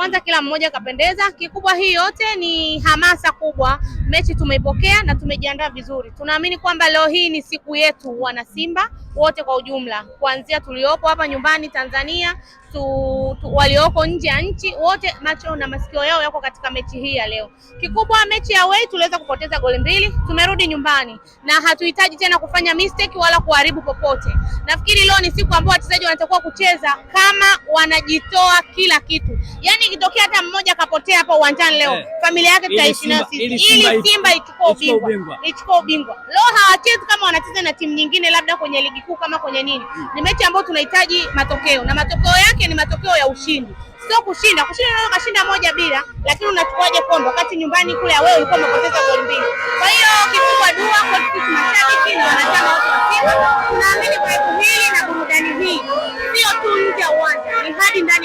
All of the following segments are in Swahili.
Kwanza kila mmoja kapendeza. Kikubwa hii yote ni hamasa kubwa, mechi tumeipokea na tumejiandaa vizuri. Tunaamini kwamba leo hii ni siku yetu, wana Simba wote kwa ujumla, kuanzia tuliopo hapa nyumbani Tanzania tu, tu, walioko nje ya nchi, wote macho na masikio yao yako katika mechi hii ya leo. Kikubwa mechi ya away tuliweza kupoteza goli mbili, tumerudi nyumbani na hatuhitaji tena kufanya mistake wala kuharibu popote. Nafikiri leo ni siku ambayo wachezaji wanatakiwa kucheza kama wanajitoa kila kitu, yaani ikitokea hata mmoja akapotea hapa uwanjani leo eh, familia yake tutaishi nayo sisi, ili Simba ichukue ubingwa, ichukue ubingwa. Leo hawachezi kama wanacheza na timu nyingine, labda kwenye ligi kuu kama kwenye nini hmm. Ni mechi ambayo tunahitaji matokeo na matokeo yake ni matokeo ya ushindi, sio kushinda. Kushinda unaweza kashinda moja bila, lakini unachukuaje kombe wakati nyumbani kule wewe ulikuwa umepoteza goli mbili? Kwa hiyo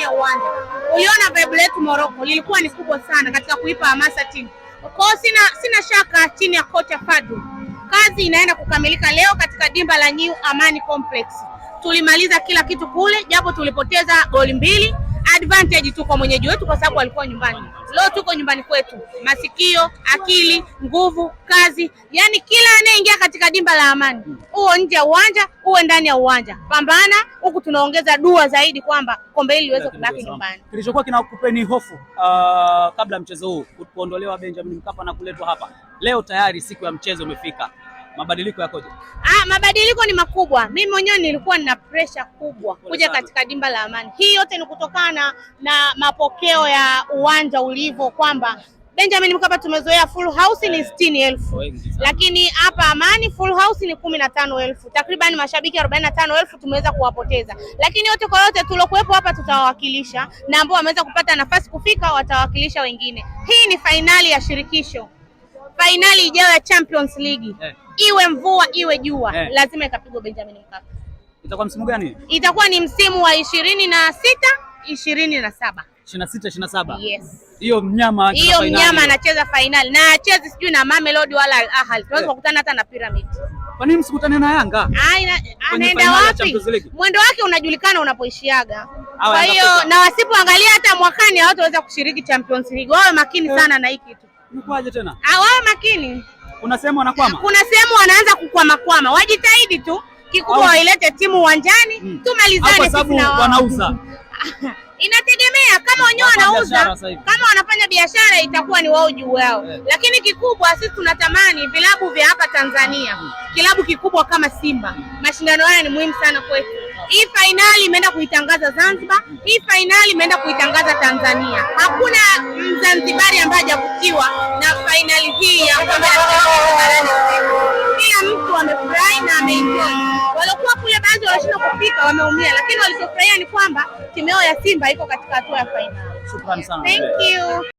kwenye uwanja. Uliona vibe letu Morocco lilikuwa ni kubwa sana katika kuipa hamasa timu. Kwa sina, sina shaka chini ya kocha Fadlu kazi inaenda kukamilika leo katika dimba la New Amani Complex. Tulimaliza kila kitu kule, japo tulipoteza goli mbili advantage tu kwa mwenyeji wetu, kwa sababu alikuwa nyumbani. Leo tuko nyumbani kwetu, masikio, akili, nguvu, kazi, yani kila anayeingia katika dimba la Amani, huo nje ya uwanja, uwe ndani ya uwanja, pambana huku. Tunaongeza dua zaidi kwamba kombe hili liweze kubaki nyumbani. Kilichokuwa kinakupeni hofu uh, kabla mchezo huu kuondolewa Benjamin Mkapa na kuletwa hapa leo, tayari siku ya mchezo imefika mabadiliko yakoje? Ah, mabadiliko ni makubwa. Mimi mwenyewe nilikuwa nina pressure kubwa kuja katika dimba la Amani. Hii yote ni kutokana na mapokeo ya uwanja ulivyo kwamba Benjamin Mkapa tumezoea full house ni eh, sitini elfu lakini hapa Amani full house ni kumi na tano elfu takriban mashabiki arobaini na tano elfu tumeweza kuwapoteza, lakini yote kwa yote tuliokuwepo hapa tutawawakilisha, na ambao wameweza kupata nafasi kufika watawawakilisha wengine. Hii ni fainali ya shirikisho fainali ijayo ya Champions League eh, iwe mvua iwe jua eh, lazima ikapigwa Benjamin Mkapa. Itakuwa msimu gani? Itakuwa ni msimu wa ishirini na sita ishirini na saba ishirini na sita ishirini na saba Yes, hiyo mnyama hiyo mnyama anacheza fainali na achezi sijui na Mamelodi wala Al Ahly, tunaweza eh. kukutana hata na Pyramid. Kwa nini msikutane na Yanga? Anaenda wapi? Mwendo wake unajulikana unapoishiaga. Kwa hiyo na wasipoangalia hata mwakani hawataweza kushiriki Champions League. Wawe makini eh. sana na hii kitu. Nikwaje tena? Ah, makini. Kuna sehemu wanakwama? Kuna sehemu wanaanza kukwama kwama. Wajitahidi tu kikubwa wailete timu uwanjani mm. tumalizane kwa sababu wanauza. Inategemea kama wenyewe wanauza, kama wanafanya biashara itakuwa ni wao juu yao yeah. Lakini kikubwa sisi tunatamani vilabu vya hapa Tanzania, mm. kilabu kikubwa kama Simba, mashindano haya ni muhimu sana kwetu. Hii fainali imeenda kuitangaza Zanzibar, hii fainali imeenda kuitangaza Tanzania. Hakuna Mzanzibari ambaye hajavutiwa na fainali hii ya kila mtu amefurahi na ameenjoy. Waliokuwa kule baadhi walishindwa kufika, wameumia, lakini walichofurahia ni kwamba timu yao ya Simba iko katika hatua ya fainali. Shukrani sana. Thank you.